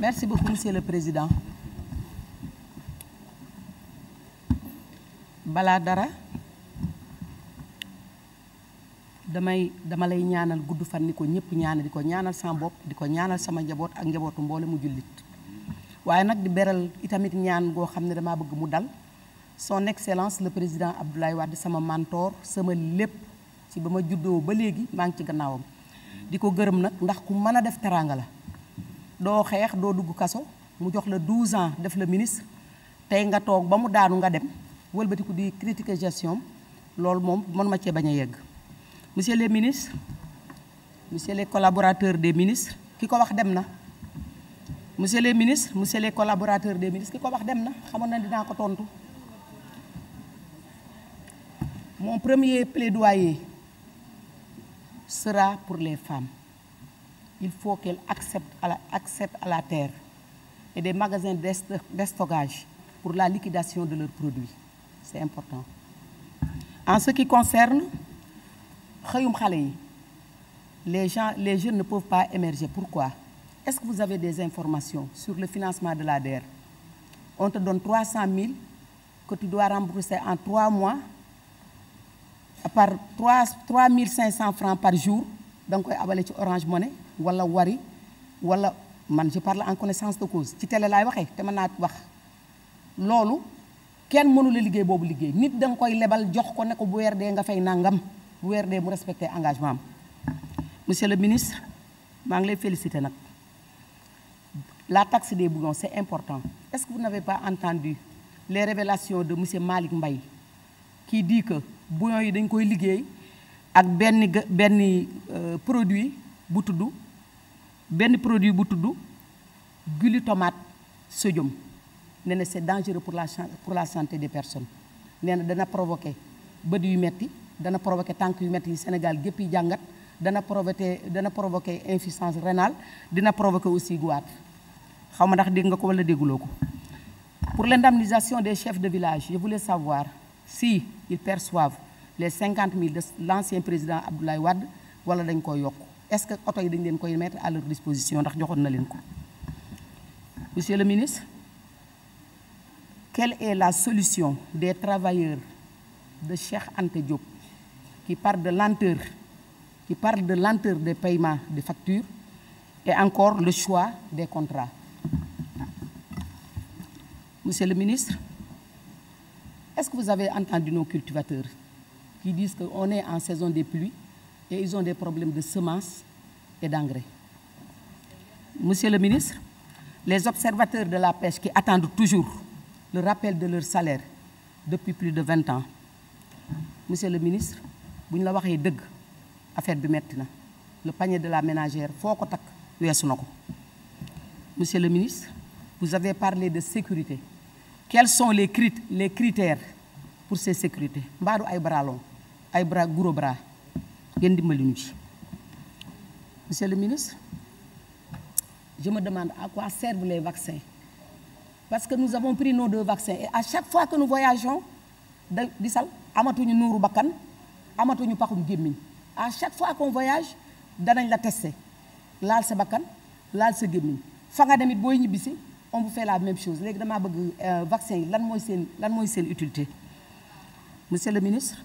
merci beaucoup monsieur le président balaa dara damay dama lay ñaanal gudd fan ni ko ñëpp ñaanal di ko ñaanal sama bopp di ko ñaanal sama njaboot ak njabootu mboole mu jullit waaye nag di beral itamit ñaan goo xam ne damaa bëgg mu dal son excellence la président Abdoulaye Wade sama mentor sama lépp ci ba ma juddoo ba léegi maa ngi ci gannaawam di ko gërëm nag ndax ku mën a def teraanga la doo xeex doo dugg kaso mu jox la 12 ans def la ministre tey nga toog ba mu daanu nga dem wëlbatiku di critiquer gestion loolu moom mën ma cee bañ a yegg mu monsieur les ministres monsieur les collaborateur des ministre ki ko wax dem na monsieur les ministres monsieur les collaborateurs des ministres ki ko wax dem na xamoon na dinaa ko tontu mon premier plaidoyer sera pour les femmes il faut qu'elle accepte à la, accepte à la terre et des magasins d'estockage pour la liquidation de leurs produits c'est important en ce qui concerne xëyum xale yi les gens les jeunes ne peuvent pas émerger pourquoi est-ce que vous avez des informations sur le financement de la DER on te donne cent 000 que tu dois rembourser en trois mois par 3 3500 francs par jour da nga koy abale ci Orange Money wala wari wala man je parle en connaissance de cause ci télé laay waxee te mën naa wax loolu kenn mënu liggéey boobu liggéey nit da nga koy lebal jox ko ne ko bu weer dee nga fay nangam bu weer dee mu respecté engagement am monsieur le ministre maa ngi lay félicité nag la taxe des bouillons c'est important est-ce que vous n'avez pas entendu les révélations de monsieur Malick mbay kii dit que bouillons yi dañ koy liggéey ak benn benn euh, produit bu tudd benn produit bu tudd glutamate sodium nee na c'est dangereux pour la pour la santé des personnes nee na dana provoquer bët yu metti dana provoquer tànk yu metti yi Sénégal gépp yi jàngat dana provoquer dana provoquer insuffisance rénale dina provoquer aussi goitre xaw ma ndax dégg nga ko wala dégguloo ko pour l'indemnisation des chefs de village je savoir si ils perçoivent les cinquante mille de l'ancien président Abdoulaye Wade wala dañ koy yokk est-ce que oto yi dañ leen koy mettre à leur disposition ndax joxoon na leen ko monsieur le ministre quelle est la solution des travailleurs de Cheikh Anta Diop qui parlent de lenteur qui parlent de lenteur des paiements des facture et encore le choix des contrat monsieur le ministre est-ce que vous avez entendu nos cultivateurs qui disent qu'on est en saison des pluies et ils ont des problèmes de semence et d'engrais. Monsieur le ministre, les observateurs de la pêche qui attendent toujours le rappel de leur salaire depuis plus de vingt ans monsieur le ministre bu ñu la waxee dëgg affaire bi metti na le panier de la ménagère foo ko takk weesu na ko monsieur le ministre vous avez parlé de sécurité quels sont les crit les critères pour ces sécurités mbaa ay bras ay bras gros bras ngeen dimbali ñu ci monsieur le ministre je me demande à quoi servent les vaccins parce que nous avons pris nos deux vaccins et à chaque fois que nous voyageons da disal sal amatuñu nuuru bakkan amatuñu paxum gémmiñ à chaque fois qu'on voyage danañ la tester laal sa bakkan laal sa gémmiñ fa nga demit booy ñibbisi on vous fait la même chose léegi damaa bëgg euh, vaccin yi lan mooy seen lan seen utilité monsieur le ministre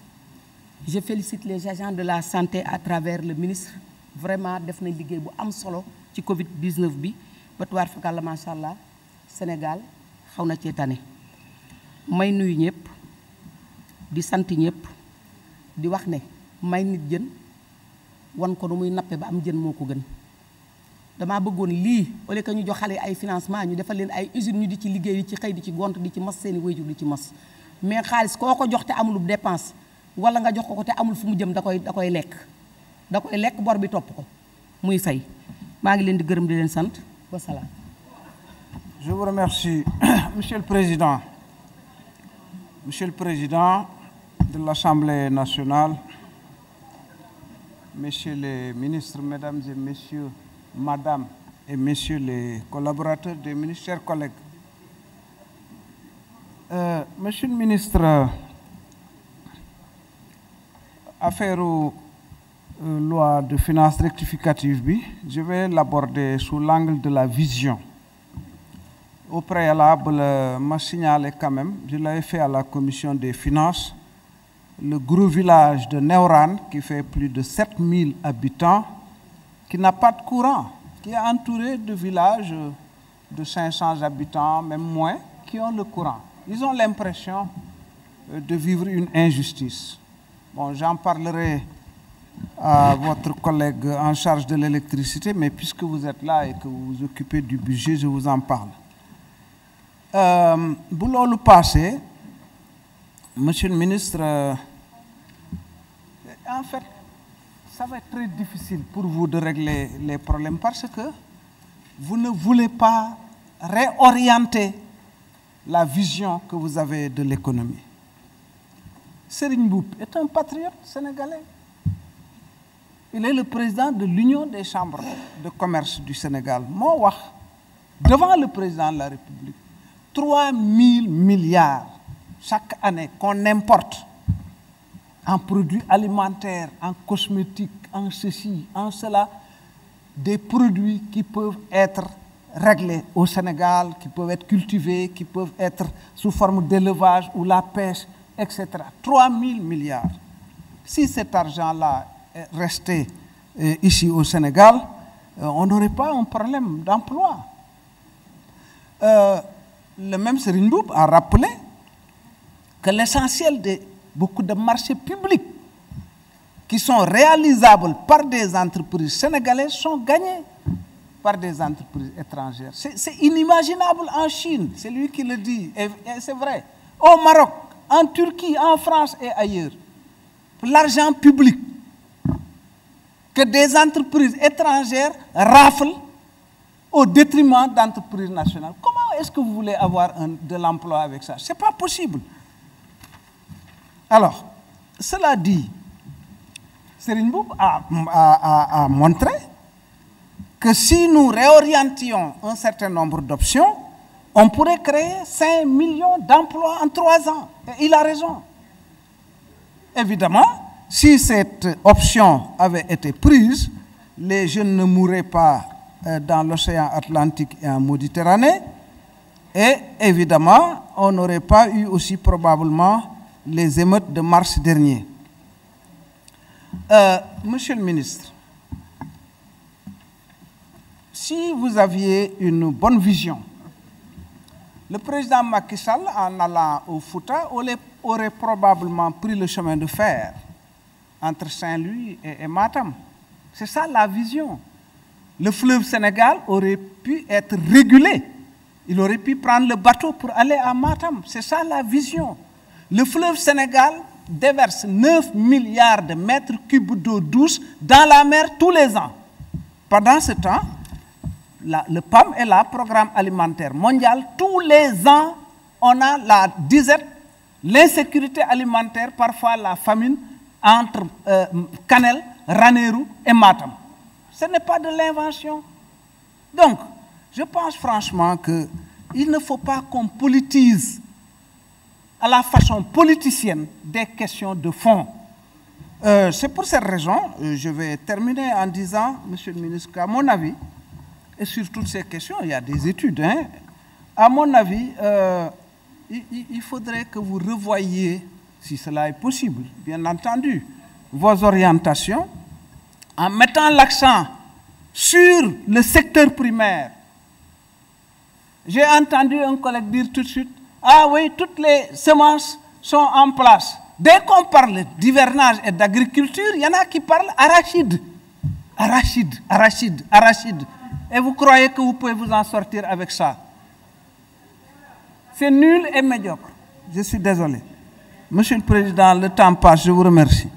je félicite les agents de la santé à travers le ministre vraiment def nañ liggéey bu am solo ci Covid 19 bi ba tuwaar fakal la macha allah Sénégal xaw na cee tane. may nuyu ñëpp di sant ñëpp di wax ne may nit jën wan ko nu muy nappe ba am jën moo ko gën damaa bëggoon lii au lieu ñu jox xale ay financement ñu defal leen ay usines ñu di ci liggéey di ci xëy di ci gont di ci mas seeni wéyjur di ci mas mais xaalis koo ko jox te amulu dépense. wala nga jox ko ko te amul fu mu jëm da koy da koy lekk da koy lekk bor bi topp ko muy fay maa ngi leen di gërëm di leen sant wasalaam. je vous monsieur le président monsieur le président de l'Assemblée nationale messieurs les ministres mesdames et messieurs madame et messieurs les collaborateurs des ministères collègues euh, monsieur le ministre affaire euh, loi de finance rectificative bi je vais l'aborder sous l'angle de la vision au préalable euh, ma signaler quand même je l'avais fait à la commission des finances le gros village de Néorane qui fait plus de 7000 habitants qui n'a pas de courant qui est entouré de village euh, de 500 habitants même moins qui ont le courant ils ont l'impression de vivre une injustice Bon, j'en parlerai à votre collègue en charge de l'électricité, mais puisque vous êtes là et que vous vous occupez du budget, je vous en parle. Euh, bu loolu passé monsieur le ministre euh, en fait ça va très difficile pour vous de régler les problèmes parce que vous ne voulez pas réorienter la vision que vous avez de l'économie Serigne Mboup est un patriote sénégalais. Il est le président de l'Union des chambres de commerce du Sénégal. moo wax devant le président de la République trois milliards chaque année qu'on importe en produits alimentaires, en cosmétiques, en ceci, en cela, des produits qui peuvent être réglés au Sénégal, qui peuvent être cultivés, qui peuvent être sous forme d'élevage ou la pêche. etc. 3 000 milliards. Si cet argent-là restait euh, ici au Sénégal, euh, on n'aurait pas un problème d'emploi. Euh, le même Serindoup à rappelé que l'essentiel des beaucoup de marchés publics qui sont réalisables par des entreprises sénégalaises sont gagnés par des entreprises étrangères. C'est inimaginable en Chine, c'est lui qui le dit, et, et c'est vrai. Au Maroc, en Turquie, en France et ailleurs, l'argent public que des entreprises étrangères raflent au détriment d'entreprises nationales. Comment est-ce que vous voulez avoir un, de l'emploi avec ça Ce n'est pas possible. Alors, cela dit, Serine a, a, a, a montré que si nous réorientions un certain nombre d'options, On pourrait créer 5 millions d'emplois en trois ans. Et il a raison. Évidemment, si cette option avait été prise, les jeunes ne mourraient pas euh, dans l'océan Atlantique et en Méditerranée. Et évidemment, on n'aurait pas eu aussi probablement les émeutes de mars dernier. Euh, monsieur le ministre, si vous aviez une bonne vision Le président Macky Sall, en allant au Fouta, aurait probablement pris le chemin de fer entre Saint-Louis et, Matam. C'est ça la vision. Le fleuve Sénégal aurait pu être régulé. Il aurait pu prendre le bateau pour aller à Matam. C'est ça la vision. Le fleuve Sénégal déverse 9 milliards de mètres cubes d'eau douce dans la mer tous les ans. Pendant ce temps, la, le PAM est la Programme alimentaire mondial. Tous les ans, on a la disette, l'insécurité alimentaire, parfois la famine entre euh, Canel, Ranerou et Matam. Ce n'est pas de l'invention. Donc, je pense franchement qu'il ne faut pas qu'on politise à la façon politicienne des questions de fonds Euh, C'est pour cette raison, euh, je vais terminer en disant, Monsieur le ministre, qu'à mon avis, Et sur toutes ces questions, il y a des études. Hein. À mon avis, euh, il, il, faudrait que vous revoyiez, si cela est possible, bien entendu, vos orientations en mettant l'accent sur le secteur primaire. J'ai entendu un collègue dire tout de suite, ah oui, toutes les semences sont en place. Dès qu'on parle d'hivernage et d'agriculture, il y en a qui parlent arachide. Arachide, arachide, arachide. Et vous croyez que vous pouvez vous en sortir avec ça. C'est nul et médiocre. Je suis désolé. Monsieur le Président, le temps passe, je vous remercie.